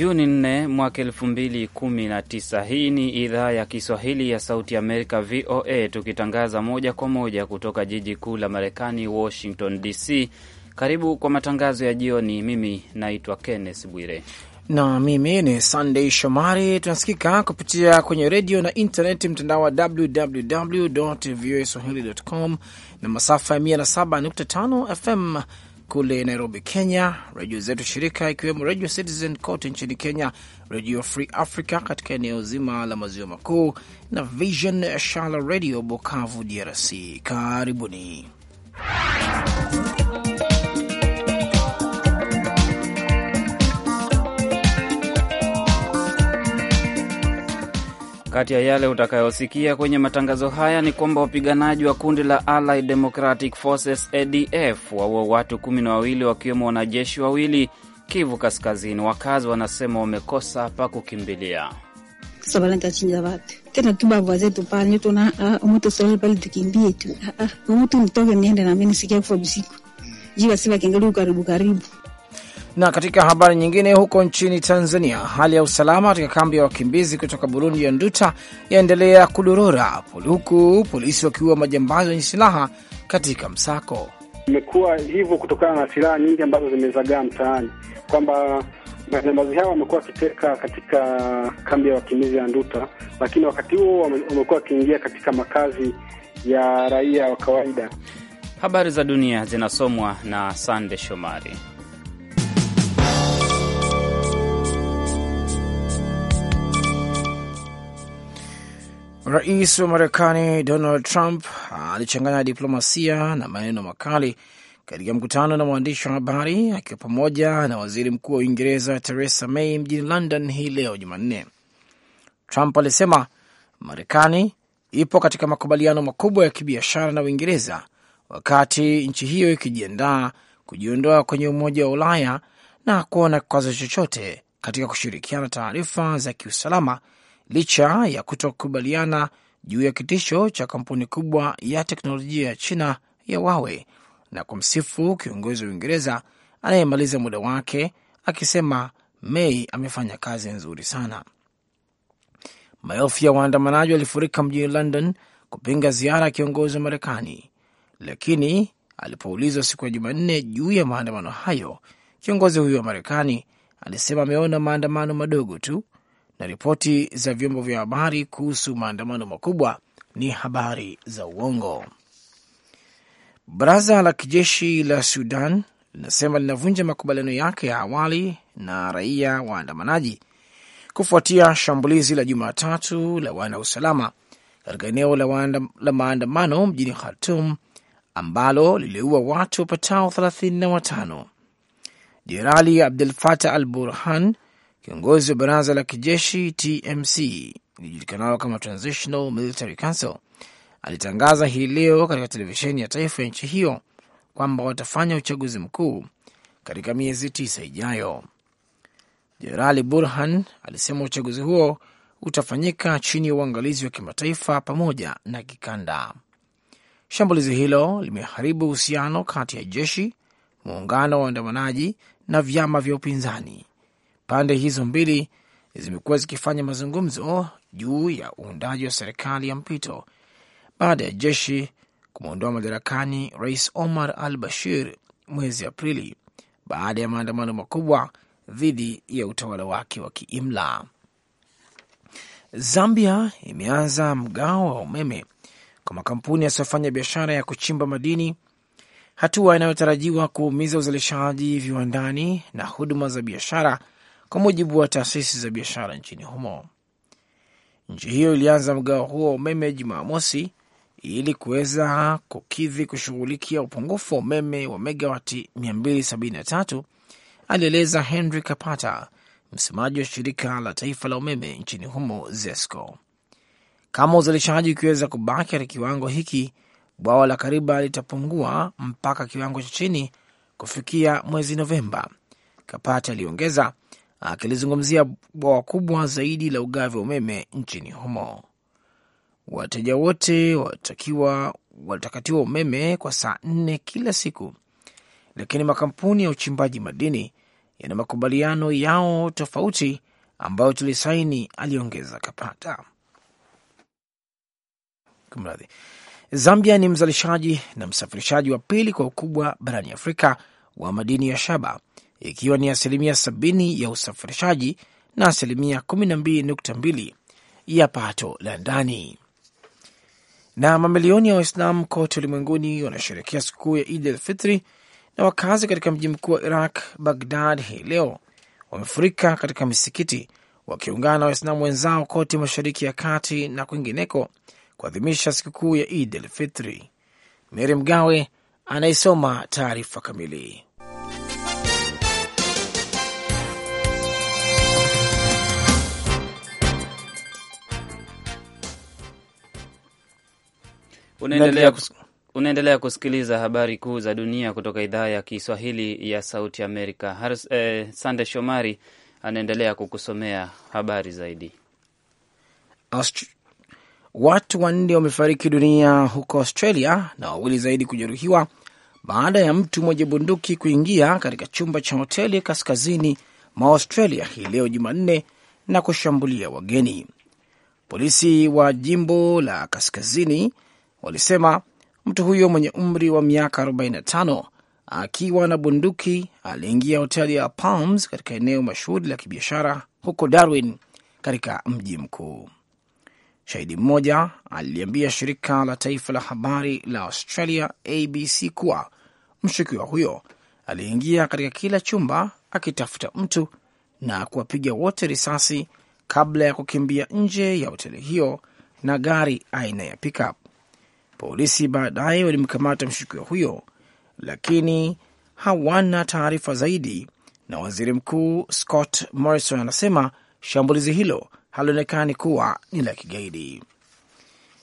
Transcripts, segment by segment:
Juni 4 mwaka 2019. Hii ni idhaa ya Kiswahili ya Sauti Amerika, VOA, tukitangaza moja kwa moja kutoka jiji kuu la Marekani, Washington DC. Karibu kwa matangazo ya jioni. Mimi naitwa Kenneth Bwire na mimi ni Sandey Shomari. Tunasikika kupitia kwenye redio na intaneti, mtandao wa www voa na masafa ya 107.5 FM kule Nairobi, Kenya, redio zetu shirika ikiwemo Radio Citizen kote nchini Kenya, Radio Free Africa katika eneo zima la maziwa makuu na Vision Shala Radio Bukavu, DRC. Karibuni Kati ya yale utakayosikia kwenye matangazo haya ni kwamba wapiganaji wa kundi la Allied Democratic Forces ADF waua watu kumi na wawili wakiwemo wanajeshi wawili Kivu Kaskazini. Wakazi wanasema wamekosa pa kukimbilia. Ah, ah, ah, karibu karibu. Na katika habari nyingine, huko nchini Tanzania, hali ya usalama katika kambi ya wakimbizi kutoka Burundi ya Nduta yaendelea kudorora, huku polisi wakiua majambazi wenye silaha katika msako. Imekuwa hivyo kutokana na silaha nyingi ambazo zimezagaa mtaani, kwamba majambazi hao wamekuwa wakiteka katika kambi ya wakimbizi ya Nduta, lakini wakati huo wamekuwa wakiingia katika makazi ya raia wa kawaida. Habari za dunia zinasomwa na Sande Shomari. Rais wa Marekani Donald Trump alichanganya diplomasia na maneno makali katika mkutano na waandishi wa habari akiwa pamoja na waziri mkuu wa Uingereza Theresa May mjini London hii leo Jumanne. Trump alisema Marekani ipo katika makubaliano makubwa ya kibiashara na Uingereza wakati nchi hiyo ikijiandaa kujiondoa kwenye Umoja wa Ulaya na kuona kikwazo chochote katika kushirikiana taarifa za kiusalama licha ya kutokubaliana juu ya kitisho cha kampuni kubwa ya teknolojia ya China ya Huawei na kumsifu kiongozi wa Uingereza anayemaliza muda wake akisema Mei amefanya kazi nzuri sana. Maelfu ya waandamanaji walifurika mjini London kupinga ziara ya kiongozi wa Marekani, lakini alipoulizwa siku ya Jumanne juu ya maandamano hayo, kiongozi huyo wa Marekani alisema ameona maandamano madogo tu na ripoti za vyombo vya habari kuhusu maandamano makubwa ni habari za uongo. Baraza la kijeshi la Sudan linasema linavunja makubaliano yake ya awali na raia waandamanaji kufuatia shambulizi la Jumatatu la wana usalama katika eneo la, la maandamano mjini Khartum ambalo liliua watu wapatao 35. Jenerali Abdul Fatah al Burhan Kiongozi wa baraza la kijeshi TMC ilijulikanalo kama Transitional Military Council alitangaza hii leo katika televisheni ya taifa ya nchi hiyo kwamba watafanya uchaguzi mkuu katika miezi tisa ijayo. Jenerali Burhan alisema uchaguzi huo utafanyika chini ya uangalizi wa kimataifa pamoja na kikanda. Shambulizi hilo limeharibu uhusiano kati ya jeshi, muungano wa waandamanaji na vyama vya upinzani Pande hizo mbili zimekuwa zikifanya mazungumzo juu ya uundaji wa serikali ya mpito baada ya jeshi kumwondoa madarakani Rais Omar al Bashir mwezi Aprili baada ya maandamano makubwa dhidi ya utawala wake wa kiimla. Zambia imeanza mgao wa umeme kwa makampuni yasiyofanya biashara ya kuchimba madini, hatua inayotarajiwa kuumiza uzalishaji viwandani na huduma za biashara kwa mujibu wa taasisi za biashara nchini humo. Nchi hiyo ilianza mgao huo wa umeme Jumamosi ili kuweza kukidhi kushughulikia upungufu wa umeme wa megawati 273, alieleza Henry Kapata, msemaji wa shirika la taifa la umeme nchini humo ZESCO. Kama uzalishaji ukiweza kubaki katika kiwango hiki, bwawa la Kariba litapungua mpaka kiwango cha chini kufikia mwezi Novemba, Kapata aliongeza akilizungumzia bwawa kubwa zaidi la ugavi wa umeme nchini humo. Wateja wote watakiwa watakatiwa umeme kwa saa nne kila siku, lakini makampuni ya uchimbaji madini yana makubaliano yao tofauti ambayo tulisaini, aliongeza Kapata. Kumradhi. Zambia ni mzalishaji na msafirishaji wa pili kwa ukubwa barani Afrika wa madini ya shaba ikiwa ni asilimia sabini ya usafirishaji na asilimia kumi na mbili nukta mbili ya pato la ndani. Na mamilioni ya waislam kote ulimwenguni wanasherekea sikukuu ya Idi Alfitri, na wakazi katika mji mkuu wa Iraq, Bagdad, hii leo wamefurika katika misikiti wakiungana na Waislamu wenzao kote Mashariki ya Kati na kwingineko kuadhimisha sikukuu ya Idi Alfitri. Meri Mgawe anayesoma taarifa kamili. Unaendelea, kus unaendelea kusikiliza habari kuu za dunia kutoka idhaa ya Kiswahili ya Sauti Amerika. Eh, Sande Shomari anaendelea kukusomea habari zaidi. Austri watu wanne wamefariki dunia huko Australia na wawili zaidi kujeruhiwa baada ya mtu mwenye bunduki kuingia katika chumba cha hoteli kaskazini mwa Australia hii leo Jumanne na kushambulia wageni. Polisi wa jimbo la kaskazini Walisema mtu huyo mwenye umri wa miaka 45 akiwa na bunduki aliingia hoteli ya Palms katika eneo mashuhuri la kibiashara huko Darwin katika mji mkuu. Shahidi mmoja aliliambia shirika la taifa la habari la Australia ABC kuwa mshukiwa huyo aliingia katika kila chumba akitafuta mtu na kuwapiga wote risasi kabla ya kukimbia nje ya hoteli hiyo na gari aina ya pickup. Polisi baadaye walimkamata mshukiwa huyo, lakini hawana taarifa zaidi, na waziri mkuu Scott Morrison anasema shambulizi hilo halionekani kuwa ni la kigaidi.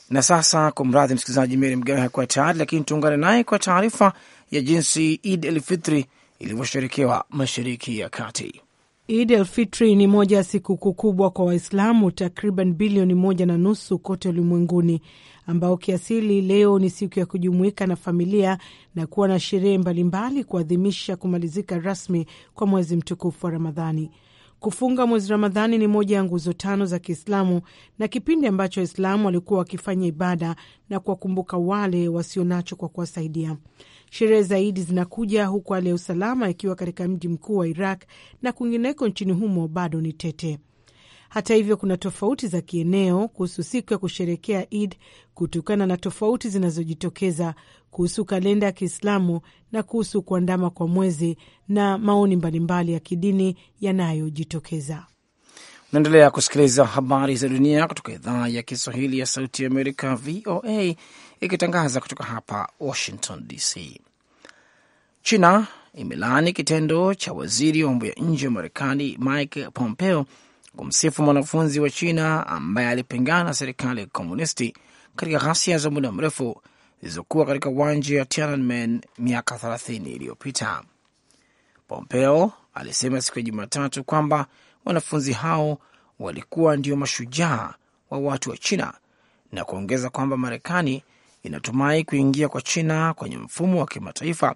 Na sasa, kwa mradhi msikilizaji, Meri Mgawe hakuwa tayari, lakini tuungane naye kwa taarifa ya jinsi Id el Fitri ilivyosherekewa Mashariki ya Kati. Idi Fitri ni moja ya sikukuu kubwa kwa Waislamu takriban bilioni moja na nusu kote ulimwenguni, ambao kiasili leo ni siku ya kujumuika na familia na kuwa na sherehe mbalimbali kuadhimisha kumalizika rasmi kwa mwezi mtukufu wa Ramadhani. Kufunga mwezi Ramadhani ni moja ya nguzo tano za Kiislamu na kipindi ambacho Waislamu walikuwa wakifanya ibada na kuwakumbuka wale wasionacho kwa kuwasaidia. Sherehe zaidi zinakuja huku hali ya usalama ikiwa katika mji mkuu wa Iraq na kwingineko nchini humo bado ni tete. Hata hivyo, kuna tofauti za kieneo kuhusu siku ya kusherekea Id kutokana na tofauti zinazojitokeza kuhusu kalenda ya Kiislamu na kuhusu kuandama kwa mwezi na maoni mbalimbali ya kidini yanayojitokeza. unaendelea kusikiliza habari za dunia kutoka idhaa ya Kiswahili ya Sauti ya Amerika, VOA ikitangaza kutoka hapa Washington DC. China imelaani kitendo cha waziri wa mambo ya nje wa Marekani Mike Pompeo kumsifu mwanafunzi wa China ambaye alipingana na serikali ya kikomunisti katika ghasia za muda mrefu zilizokuwa katika uwanja wa Tiananmen miaka 30 iliyopita. Pompeo alisema siku ya Jumatatu kwamba wanafunzi hao walikuwa ndio mashujaa wa watu wa China na kuongeza kwamba Marekani inatumai kuingia kwa China kwenye mfumo wa kimataifa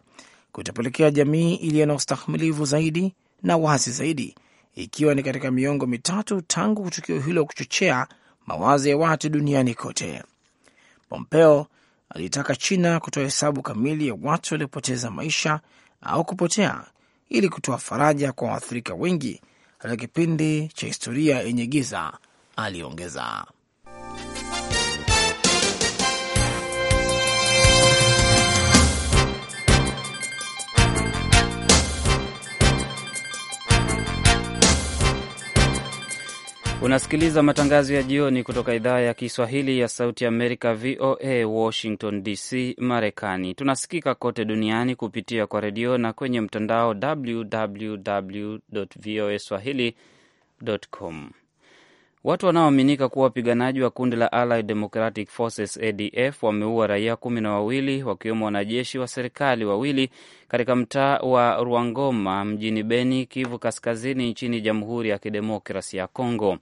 kutapelekea jamii iliyo na ustahimilivu zaidi na wazi zaidi, ikiwa ni katika miongo mitatu tangu tukio hilo kuchochea mawazo ya watu duniani kote. Pompeo alitaka China kutoa hesabu kamili ya watu waliopoteza maisha au kupotea ili kutoa faraja kwa waathirika wengi katika kipindi cha historia yenye giza, aliongeza. Unasikiliza matangazo ya jioni kutoka idhaa ya Kiswahili ya Sauti Amerika, VOA Washington DC, Marekani. Tunasikika kote duniani kupitia kwa redio na kwenye mtandao www voa swahili com Watu wanaoaminika kuwa wapiganaji wa kundi la Allied Democratic Forces ADF wameua raia kumi na wawili wakiwemo wanajeshi wa serikali wawili katika mtaa wa Ruangoma mjini Beni, Kivu Kaskazini, nchini Jamhuri ya Kidemokrasia ya congo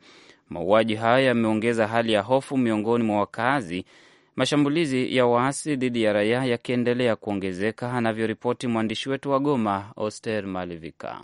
Mauaji hayo yameongeza hali ya hofu miongoni mwa wakazi, mashambulizi ya waasi dhidi ya raia yakiendelea kuongezeka, anavyoripoti mwandishi wetu wa Goma, Oster Malivika.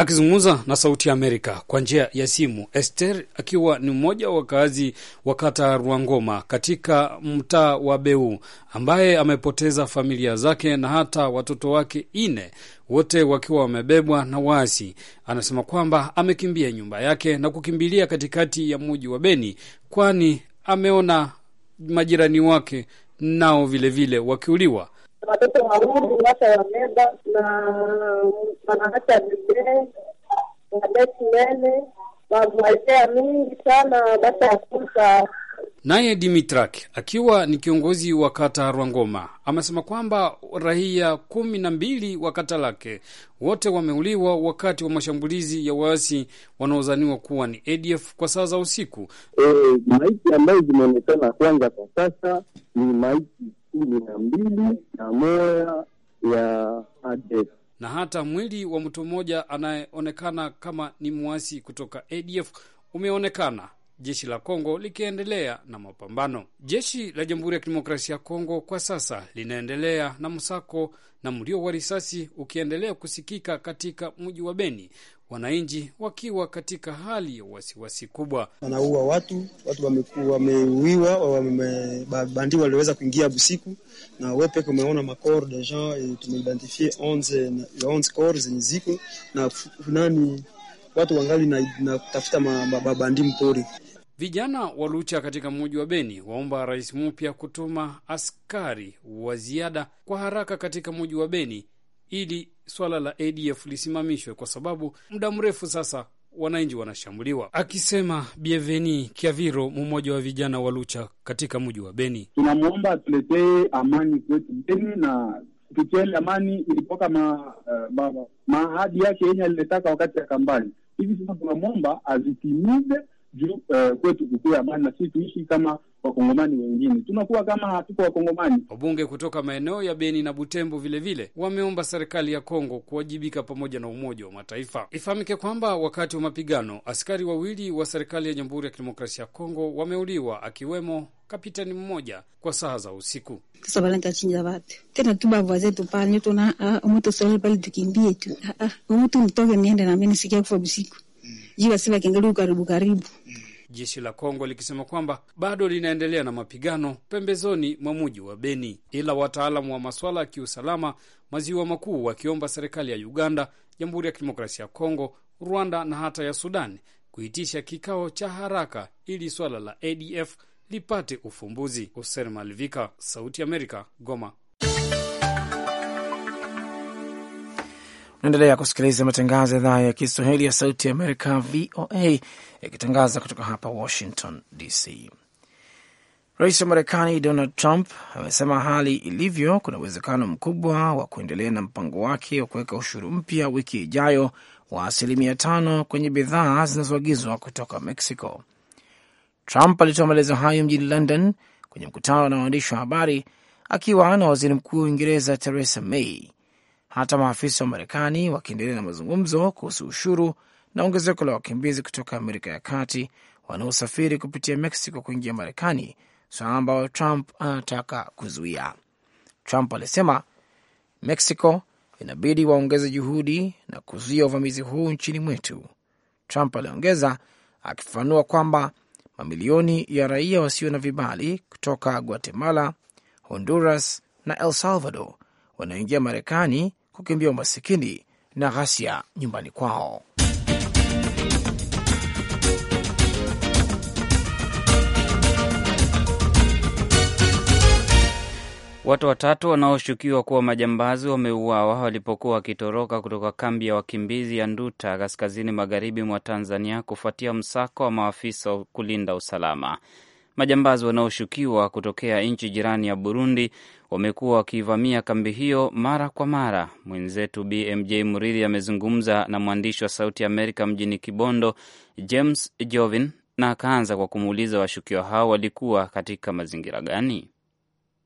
Akizungumza na Sauti ya Amerika kwa njia ya simu, Ester akiwa ni mmoja wa wakaazi wa kata Rwangoma katika mtaa wa Beu, ambaye amepoteza familia zake na hata watoto wake ine, wote wakiwa wamebebwa na waasi, anasema kwamba amekimbia nyumba yake na kukimbilia katikati ya muji wa Beni, kwani ameona majirani wake nao vilevile wakiuliwa watoto wauru washa wameba na wanaacha bidee wabeti mene wavaitea mingi sana basa ya kusa Naye Dimitrak akiwa ni kiongozi wa kata Rwangoma amesema kwamba raia kumi na mbili wa kata lake wote wameuliwa wakati wa mashambulizi ya waasi wanaodhaniwa kuwa ni ADF kwa saa za usiku. E, maiti ambayo zimeonekana kwanza kwa sasa ni maiti kumi na mbili na moya ya ADF na hata mwili wa mtu mmoja anayeonekana kama ni mwasi kutoka ADF umeonekana, jeshi la Kongo likiendelea na mapambano. Jeshi la Jamhuri ya Kidemokrasia ya Kongo kwa sasa linaendelea na msako na mlio wa risasi ukiendelea kusikika katika mji wa Beni wananchi wakiwa katika hali ya wasiwasi kubwa. Wanaua watu, watu wameuiwa, wamebandiwa, waliweza kuingia busiku na wepe Umeona makor de tumeidentifie onze kor zenye ziko na nani, watu wangali na, na kutafuta mabandi mpori. Vijana wa Lucha katika muji wa Beni waomba rais mpya kutuma askari wa ziada kwa haraka katika muji wa Beni ili swala la ADF lisimamishwe kwa sababu muda mrefu sasa wananchi wanashambuliwa, akisema Bieveni Kiaviro, mmoja wa vijana wa Lucha katika mji wa Beni. Tunamwomba atuletee amani kwetu Beni na kupitia ile amani ilitoka eh, maahadi uh, yake yenye aliletaka wakati ya kampani. Hivi sasa tunamwomba azitimize juu uh, kwetu kukuya amani na sisi tuishi kama wakongomani wengine, tunakuwa kama hatuko wakongomani. Wabunge kutoka maeneo ya Beni na Butembo vilevile wameomba serikali ya Kongo kuwajibika pamoja na Umoja wa Mataifa. Ifahamike kwamba wakati wa mapigano askari wawili wa serikali ya Jamhuri ya Kidemokrasia ya Kongo wameuliwa akiwemo kapitani mmoja kwa saa za usiku. mm jeshi la Kongo likisema kwamba bado linaendelea na mapigano pembezoni mwa muji wa Beni, ila wataalamu wa maswala ya kiusalama maziwa makuu wakiomba serikali ya Uganda, Jamhuri ya Kidemokrasia ya Kongo, Rwanda na hata ya Sudani kuitisha kikao cha haraka ili swala la ADF lipate ufumbuzi. hosen Malvika, Sauti Amerika, Goma. Naendelea kusikiliza matangazo ya idhaa ya Kiswahili ya Sauti ya Amerika, VOA, yakitangaza kutoka hapa Washington DC. Rais wa Marekani Donald Trump amesema hali ilivyo, kuna uwezekano mkubwa wa kuendelea na mpango wake wa kuweka ushuru mpya wiki ijayo wa asilimia tano kwenye bidhaa zinazoagizwa kutoka Mexico. Trump alitoa maelezo hayo mjini London kwenye mkutano na waandishi wa habari akiwa na waziri mkuu wa Uingereza Theresa May hata maafisa wa Marekani wakiendelea na mazungumzo kuhusu ushuru na ongezeko la wakimbizi kutoka Amerika ya Kati wanaosafiri kupitia Meksiko kuingia Marekani, swala so ambayo Trump anataka kuzuia. Trump alisema Mexico inabidi waongeze juhudi na kuzuia uvamizi huu nchini mwetu. Trump aliongeza akifafanua kwamba mamilioni ya raia wasio na vibali kutoka Guatemala, Honduras na El Salvador wanaingia Marekani kukimbia umasikini na ghasia nyumbani kwao. Watu watatu wanaoshukiwa kuwa majambazi wameuawa walipokuwa wakitoroka kutoka kambi ya wakimbizi ya Nduta kaskazini magharibi mwa Tanzania kufuatia msako wa maafisa kulinda usalama. Majambazi wanaoshukiwa kutokea nchi jirani ya Burundi wamekuwa wakiivamia kambi hiyo mara kwa mara. Mwenzetu BMJ Muridhi amezungumza na mwandishi wa Sauti Amerika mjini Kibondo, James Jovin, na akaanza kwa kumuuliza washukiwa hao walikuwa katika mazingira gani?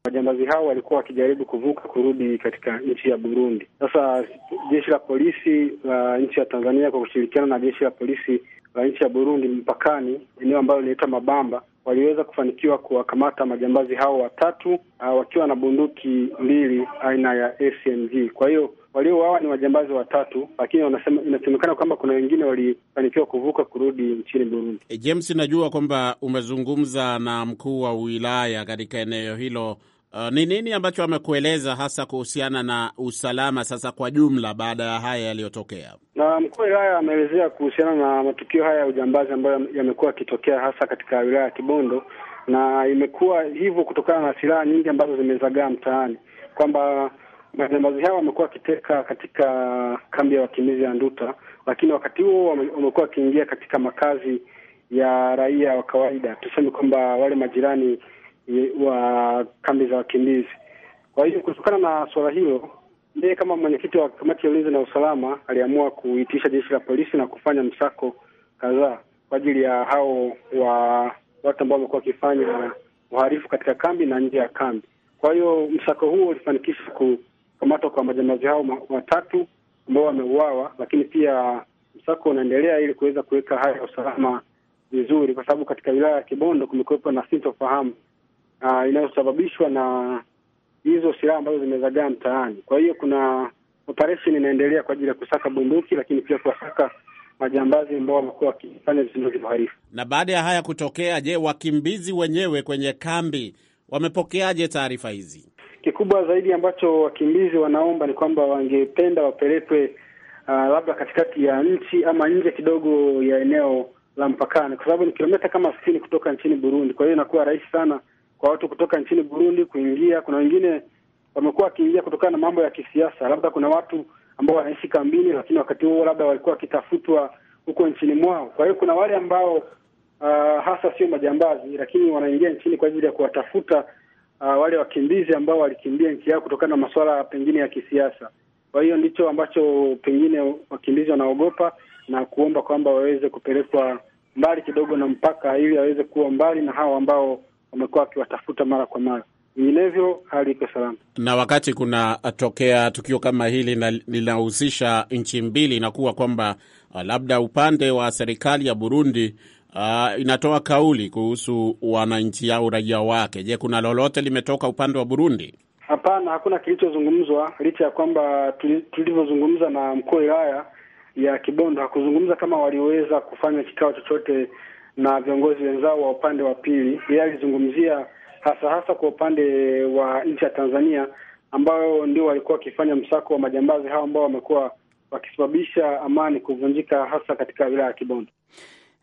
Majambazi hao walikuwa wakijaribu kuvuka kurudi katika nchi ya Burundi. Sasa jeshi la polisi la nchi ya Tanzania kwa kushirikiana na jeshi la polisi la nchi ya Burundi mpakani, eneo ambalo linaitwa Mabamba, waliweza kufanikiwa kuwakamata majambazi hao watatu uh, wakiwa na bunduki mbili aina ya SMG. Kwa hiyo waliouawa ni majambazi watatu, lakini wanasema, inasemekana kwamba kuna wengine walifanikiwa kuvuka kurudi nchini Burundi. Eh, James, najua kwamba umezungumza na mkuu wa wilaya katika eneo hilo Uh, ni nini ambacho amekueleza hasa kuhusiana na usalama sasa kwa jumla baada ya haya yaliyotokea? Na mkuu wa wilaya ameelezea kuhusiana na matukio haya ya ujambazi ambayo yamekuwa yakitokea hasa katika wilaya ya Kibondo, na imekuwa hivyo kutokana na silaha nyingi ambazo zimezagaa mtaani, kwamba majambazi hao wamekuwa wakiteka katika kambi ya wakimbizi ya Nduta, lakini wakati huo wamekuwa wakiingia katika makazi ya raia wa kawaida, tuseme kwamba wale majirani wa kambi za wakimbizi. Kwa hiyo kutokana na suala hilo, ndiye kama mwenyekiti wa kamati ya ulinzi na usalama aliamua kuitisha jeshi la polisi na kufanya msako kadhaa kwa ajili ya hao wa watu ambao wamekuwa wakifanya uhalifu katika kambi na nje ya kambi. Kwa hiyo msako huo ulifanikisha kukamatwa kwa majambazi hao watatu ambao wameuawa, lakini pia msako unaendelea ili kuweza kuweka hali ya usalama vizuri, kwa sababu katika wilaya ya Kibondo kumekuwepo na sintofahamu uh, inayosababishwa na hizo silaha ambazo zimezagaa mtaani. Kwa hiyo kuna operesheni inaendelea kwa ajili ya kusaka bunduki, lakini pia kuwasaka majambazi ambao wamekuwa wakifanya vitendo vya uhalifu. Na baada ya haya kutokea, je, wakimbizi wenyewe kwenye kambi wamepokeaje taarifa hizi? Kikubwa zaidi ambacho wakimbizi wanaomba ni kwamba wangependa wapelekwe uh, labda katikati ya nchi ama nje kidogo ya eneo la mpakani, kwa sababu ni kilometa kama sitini kutoka nchini Burundi. Kwa hiyo inakuwa rahisi sana kwa watu kutoka nchini Burundi kuingia. Kuna wengine wamekuwa wakiingia kutokana na mambo ya kisiasa, labda kuna watu ambao wanaishi kambini, lakini wakati huo labda walikuwa wakitafutwa huko nchini mwao. Kwa hiyo kuna wale ambao uh, hasa sio majambazi, lakini wanaingia nchini kwa ajili ya kuwatafuta uh, wale wakimbizi ambao walikimbia nchi yao kutokana na masuala pengine ya kisiasa. Kwa hiyo ndicho ambacho pengine wakimbizi wanaogopa na kuomba kwamba waweze kupelekwa mbali kidogo na mpaka, ili waweze kuwa mbali na hao ambao wamekuwa wakiwatafuta mara kwa mara, vinginevyo hali iko salama. Na wakati kuna tokea tukio kama hili linahusisha nchi mbili, inakuwa kwamba uh, labda upande wa serikali ya Burundi Uh, inatoa kauli kuhusu wananchi au raia wake. Je, kuna lolote limetoka upande wa Burundi? Hapana, hakuna kilichozungumzwa, licha ya kwamba tulivyozungumza na mkuu wa wilaya ya Kibondo hakuzungumza kama waliweza kufanya kikao chochote na viongozi wenzao wa upande wa pili. Yeye alizungumzia hasa hasa kwa upande wa nchi ya Tanzania ambayo ndio walikuwa wakifanya msako wa majambazi hao ambao wamekuwa wakisababisha amani kuvunjika hasa katika wilaya ya Kibondo.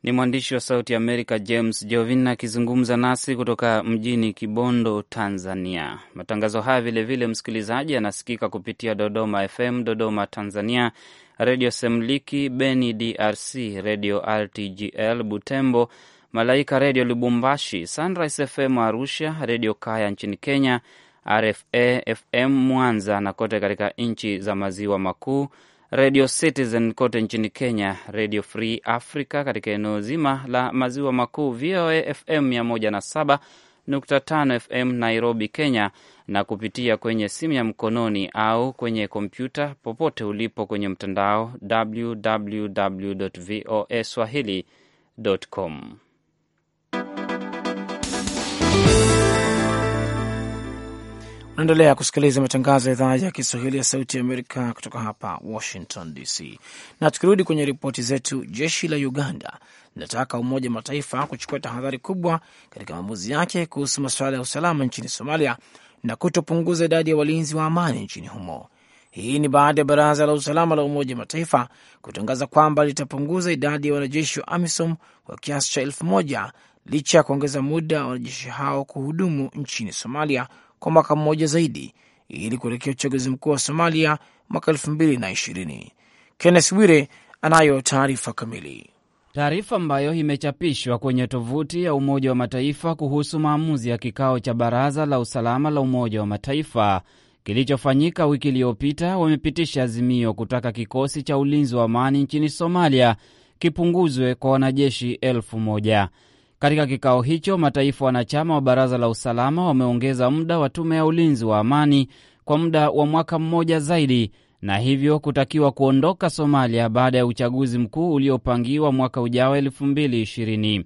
Ni mwandishi wa Sauti Amerika James Jovin akizungumza nasi kutoka mjini Kibondo, Tanzania. Matangazo haya vilevile, msikilizaji, anasikika kupitia Dodoma FM Dodoma, Tanzania, Redio Semliki Beni DRC, Redio RTGL Butembo, Malaika Redio Lubumbashi, Sunrise FM Arusha, Redio Kaya nchini Kenya, RFA FM Mwanza na kote katika nchi za maziwa makuu Radio Citizen kote nchini Kenya, Radio Free Africa katika eneo zima la maziwa makuu, VOA FM 107.5 FM Nairobi, Kenya, na kupitia kwenye simu ya mkononi au kwenye kompyuta popote ulipo kwenye mtandao www voa swahili com Naendelea kusikiliza matangazo ya idhaa ya Kiswahili ya Sauti ya Amerika kutoka hapa Washington DC. Na tukirudi kwenye ripoti zetu, jeshi la Uganda linataka Umoja wa Mataifa kuchukua tahadhari kubwa katika maamuzi yake kuhusu masuala ya usalama nchini Somalia na kutopunguza idadi ya walinzi wa amani nchini humo. Hii ni baada ya Baraza la Usalama la Umoja wa Mataifa kutangaza kwamba litapunguza idadi ya wanajeshi wa AMISOM kwa kiasi cha elfu moja licha ya kuongeza muda wa wanajeshi hao kuhudumu nchini Somalia kwa mwaka mmoja zaidi ili kuelekea uchaguzi mkuu wa Somalia mwaka elfu mbili na ishirini. Kennes Bwire anayo taarifa kamili. Taarifa ambayo imechapishwa kwenye tovuti ya Umoja wa Mataifa kuhusu maamuzi ya kikao cha Baraza la Usalama la Umoja wa Mataifa kilichofanyika wiki iliyopita, wamepitisha azimio kutaka kikosi cha ulinzi wa amani nchini Somalia kipunguzwe kwa wanajeshi elfu moja. Katika kikao hicho, mataifa wanachama wa baraza la usalama wameongeza muda wa tume ya ulinzi wa amani kwa muda wa mwaka mmoja zaidi na hivyo kutakiwa kuondoka Somalia baada ya uchaguzi mkuu uliopangiwa mwaka ujao 220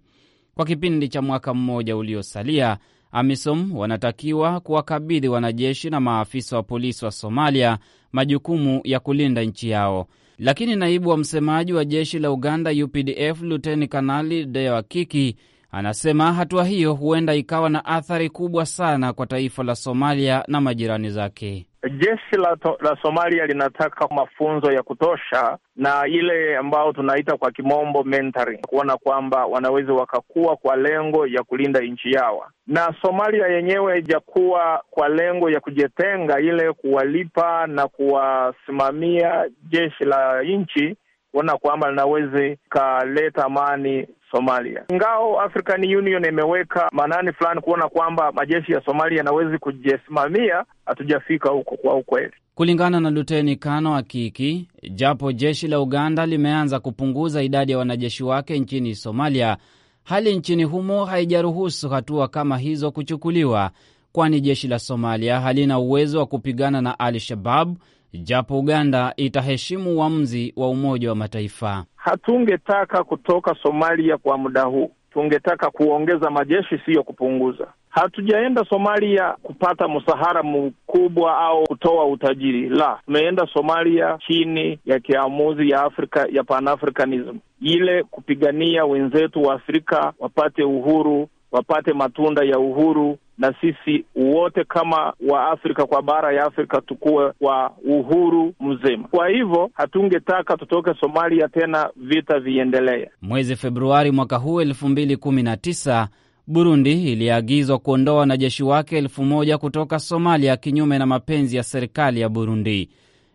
Kwa kipindi cha mwaka mmoja uliosalia, AMISOM wanatakiwa kuwakabidhi wanajeshi na maafisa wa polisi wa Somalia majukumu ya kulinda nchi yao. Lakini naibu wa msemaji wa jeshi la Uganda UPDF Luteni Kanali Deo Akiki Anasema hatua hiyo huenda ikawa na athari kubwa sana kwa taifa la Somalia na majirani zake. Jeshi la, to, la Somalia linataka mafunzo ya kutosha na ile ambayo tunaita kwa kimombo mentoring, kuona kwamba wanaweza wakakuwa kwa lengo ya kulinda nchi yao, na Somalia yenyewe haijakuwa kwa lengo ya kujitenga, ile kuwalipa na kuwasimamia jeshi la nchi kuona kwamba linaweza ikaleta amani Somalia. Ngao African Union imeweka manani fulani kuona kwamba majeshi ya Somalia yanawezi kujisimamia, hatujafika huko kwa ukweli. Kulingana na Luteni Kano Akiki, japo jeshi la Uganda limeanza kupunguza idadi ya wanajeshi wake nchini Somalia, hali nchini humo haijaruhusu hatua kama hizo kuchukuliwa, kwani jeshi la Somalia halina uwezo wa kupigana na Al Shabab japo Uganda itaheshimu uamuzi wa Umoja wa Mataifa. Hatungetaka kutoka Somalia kwa muda huu, tungetaka kuongeza majeshi, siyo kupunguza. Hatujaenda Somalia kupata msahara mkubwa au kutoa utajiri, la, tumeenda Somalia chini ya kiamuzi ya Afrika ya Panafricanism, ile kupigania wenzetu wa Afrika wapate uhuru, wapate matunda ya uhuru na sisi wote kama wa afrika kwa bara ya Afrika tukuwe wa uhuru mzima. Kwa hivyo hatungetaka tutoke Somalia tena vita viendelee. Mwezi Februari mwaka huu elfu mbili kumi na tisa Burundi iliagizwa kuondoa wanajeshi wake elfu moja kutoka Somalia kinyume na mapenzi ya serikali ya Burundi.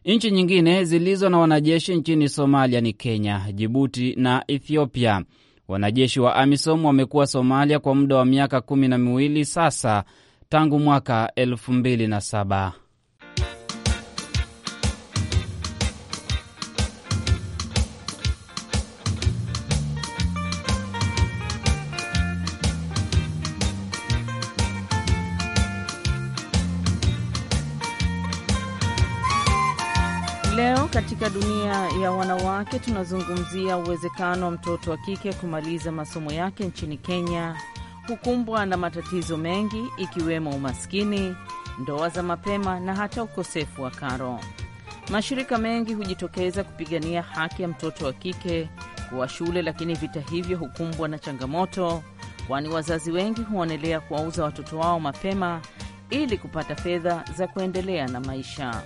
Nchi nyingine zilizo na wanajeshi nchini Somalia ni Kenya, Jibuti na Ethiopia. Wanajeshi wa AMISOM wamekuwa Somalia kwa muda wa miaka kumi na miwili sasa tangu mwaka elfu mbili na saba. katika dunia ya wanawake tunazungumzia uwezekano wa mtoto wa kike kumaliza masomo yake nchini Kenya hukumbwa na matatizo mengi ikiwemo umaskini, ndoa za mapema na hata ukosefu wa karo. Mashirika mengi hujitokeza kupigania haki ya mtoto wa kike kuwa shule, lakini vita hivyo hukumbwa na changamoto, kwani wazazi wengi huonelea kuwauza watoto wao mapema ili kupata fedha za kuendelea na maisha.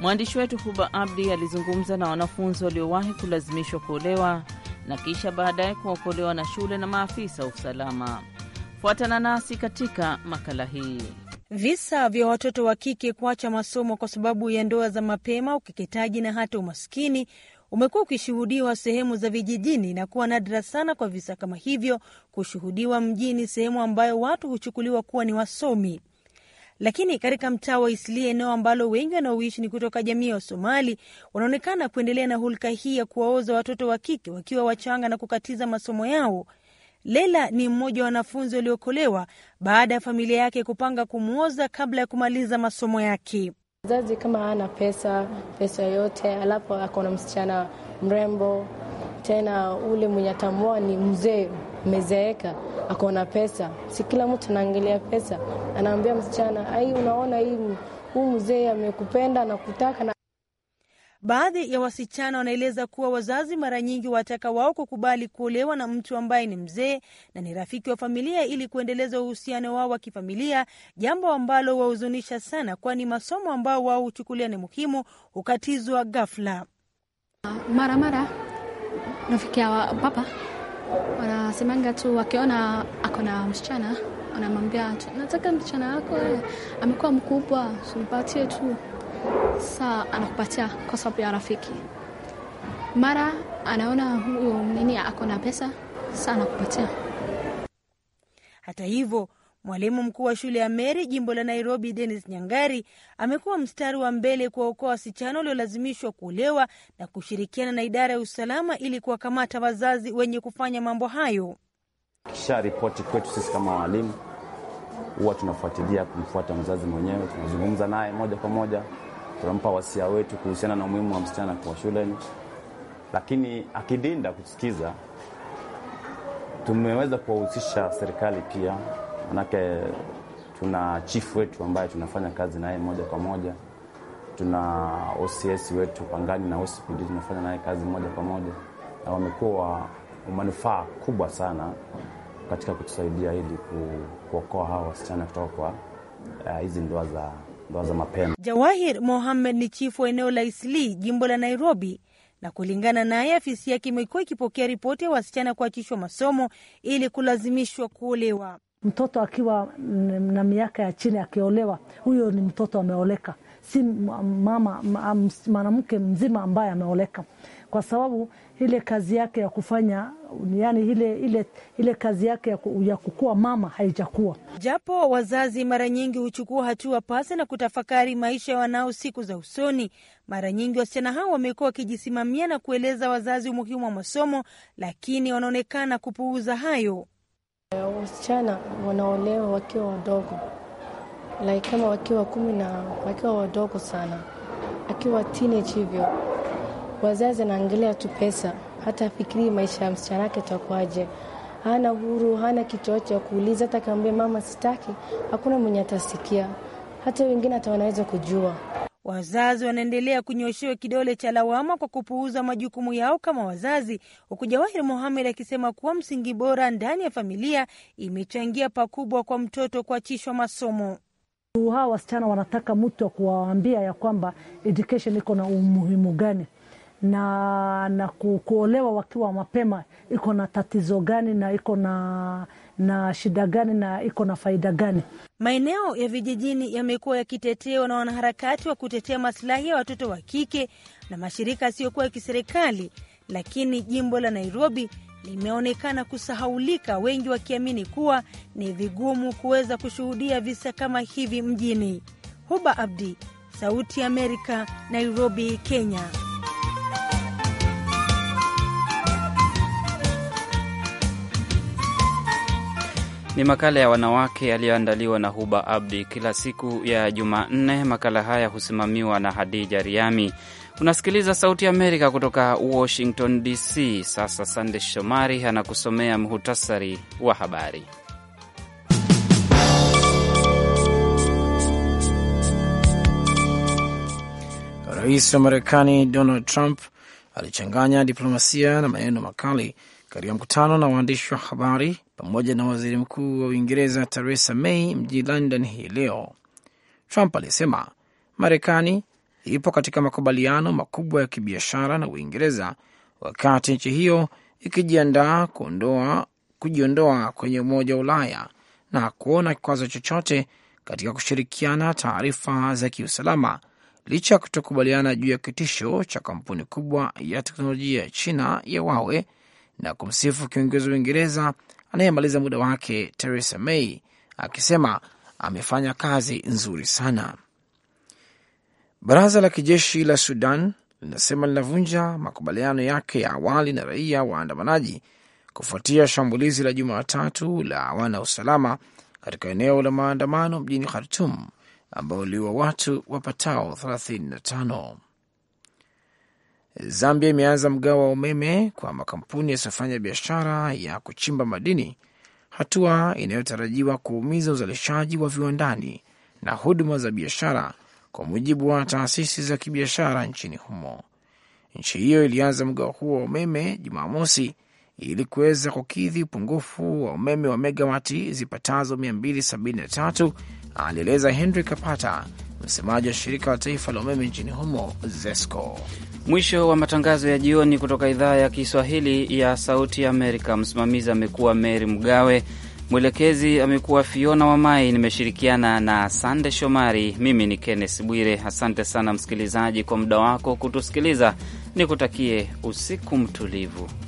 Mwandishi wetu Huba Abdi alizungumza na wanafunzi waliowahi kulazimishwa kuolewa na kisha baadaye kuokolewa na shule na maafisa wa usalama. Fuatana nasi katika makala hii. Visa vya watoto wa kike kuacha masomo kwa sababu ya ndoa za mapema, ukeketaji na hata umaskini umekuwa ukishuhudiwa sehemu za vijijini na kuwa nadra sana kwa visa kama hivyo kushuhudiwa mjini, sehemu ambayo watu huchukuliwa kuwa ni wasomi. Lakini katika mtaa wa Isli, eneo ambalo wengi wanaoishi ni kutoka jamii ya Somali, wanaonekana kuendelea na hulka hii ya kuwaoza watoto wa kike wakiwa wachanga na kukatiza masomo yao. Lela ni mmoja wa wanafunzi waliokolewa baada ya familia yake kupanga kumwoza kabla ya kumaliza masomo yake. Mzazi kama ana pesa pesa yoyote, alafu akona msichana mrembo, tena ule mwenye atamua ni mzee amezeeka ako na pesa, si kila mtu anaangalia pesa. Anaambia msichana, ai, unaona hii huu mzee amekupenda kutaka Na baadhi ya wasichana wanaeleza kuwa wazazi mara nyingi wataka wao kukubali kuolewa na mtu ambaye ni mzee na ni rafiki wa familia ili kuendeleza uhusiano wao wa kifamilia, jambo ambalo wahuzunisha sana, kwani masomo ambao wao huchukulia ni muhimu hukatizwa ghafla. Mara mara nafikia papa wanasemanga tu wakiona ako na msichana wanamwambia nataka msichana wako eh, amekuwa mkubwa, simpatie tu. Saa anakupatia kwa sababu ya rafiki, mara anaona huyo nini ako na pesa, saa anakupatia. Hata hivyo Mwalimu mkuu wa shule ya Meri jimbo la Nairobi, denis Nyangari amekuwa mstari wa mbele kuwaokoa wasichana waliolazimishwa kuolewa na kushirikiana na idara ya usalama ili kuwakamata wazazi wenye kufanya mambo hayo. Kisha ripoti kwetu sisi kama walimu, huwa tunafuatilia kumfuata mzazi mwenyewe, tunazungumza naye moja kwa moja, tunampa wasia wetu kuhusiana na umuhimu wa msichana kwa shuleni, lakini akidinda kusikiza, tumeweza kuwahusisha serikali pia manake tuna chifu wetu ambaye tunafanya kazi naye moja kwa moja, tuna OCS wetu Pangani na OCPD tunafanya naye kazi moja kwa moja, na wamekuwa manufaa kubwa sana katika kutusaidia ili kuokoa hawa wasichana kutoka kwa uh, hizi ndoa za ndoa za mapema. Jawahir Mohamed ni chifu wa eneo la Isli, jimbo la Nairobi, na kulingana naye, afisi yake imekuwa ikipokea ripoti ya wasichana kuachishwa masomo ili kulazimishwa kuolewa mtoto akiwa na miaka ya chini akiolewa, huyo ni mtoto ameoleka, si mama mwanamke mzima ambaye ameoleka, kwa sababu ile kazi yake ya kufanya yani ile, ile, ile kazi yake ya, ya kukua mama haijakuwa. Japo wazazi mara nyingi huchukua hatua pasi na kutafakari maisha ya wanao siku za usoni, mara nyingi wasichana hao wamekuwa wakijisimamia na kueleza wazazi umuhimu wa masomo, lakini wanaonekana kupuuza hayo. Eh, wasichana wanaolewa wakiwa wadogo like kama wakiwa kumi na wakiwa wadogo sana, akiwa teenage hivyo, wazazi anaangalia tu pesa, hata afikirii maisha ya msichana yake itakuwaje. Hana huru, hana kichocho cha kuuliza. Hata kaambia mama sitaki, hakuna mwenye atasikia, hata wengine hata wanaweza kujua. Wazazi wanaendelea kunyoshewa kidole cha lawama kwa kupuuza majukumu yao kama wazazi, huku Jawahir Mohamed akisema kuwa msingi bora ndani ya familia imechangia pakubwa kwa mtoto kuachishwa masomo. Hawa wasichana wanataka mtu wa kuwaambia ya kwamba education iko na umuhimu gani na, na ku, kuolewa wakiwa mapema iko na tatizo gani na iko na na shida gani na iko na faida gani. Maeneo ya vijijini yamekuwa yakitetewa na wanaharakati wa kutetea masilahi ya watoto wa kike na mashirika yasiyokuwa ya kiserikali, lakini jimbo la Nairobi limeonekana kusahaulika, wengi wakiamini kuwa ni vigumu kuweza kushuhudia visa kama hivi mjini. Huba Abdi, Sauti ya Amerika, Nairobi, Kenya. Ni makala ya wanawake yaliyoandaliwa na Huba Abdi kila siku ya Jumanne. Makala haya husimamiwa na Hadija Riami. Unasikiliza Sauti Amerika kutoka Washington DC. Sasa Sande Shomari anakusomea muhtasari wa habari. Rais wa Marekani Donald Trump alichanganya diplomasia na maneno makali katika mkutano na waandishi wa habari pamoja na waziri mkuu wa Uingereza Theresa May mjini London hii leo. Trump alisema Marekani ipo katika makubaliano makubwa ya kibiashara na Uingereza wakati nchi hiyo ikijiandaa kujiondoa kwenye Umoja wa Ulaya na kuona kikwazo chochote katika kushirikiana taarifa za kiusalama licha ya kutokubaliana juu ya kitisho cha kampuni kubwa ya teknolojia ya China ya Huawei na kumsifu kiongozi wa Uingereza anayemaliza muda wake Theresa May akisema amefanya kazi nzuri sana. Baraza la kijeshi la Sudan linasema linavunja makubaliano yake ya awali na raia waandamanaji kufuatia shambulizi la Jumatatu la wana usalama katika eneo la maandamano mjini Khartum ambao liwa watu wapatao 35. Zambia imeanza mgao wa umeme kwa makampuni yasiyofanya biashara ya kuchimba madini, hatua inayotarajiwa kuumiza uzalishaji wa viwandani na huduma za biashara, kwa mujibu wa taasisi za kibiashara nchini humo. Nchi hiyo ilianza mgao huo wa umeme Jumamosi ili kuweza kukidhi upungufu wa umeme wa megawati zipatazo 273, alieleza Henry Kapata, msemaji wa shirika la taifa la umeme nchini humo ZESCO. Mwisho wa matangazo ya jioni kutoka idhaa ya Kiswahili ya Sauti ya Amerika. Msimamizi amekuwa Meri Mgawe, mwelekezi amekuwa Fiona Wamai, nimeshirikiana na Sande Shomari. Mimi ni Kenneth Bwire. Asante sana msikilizaji kwa muda wako kutusikiliza, nikutakie usiku mtulivu.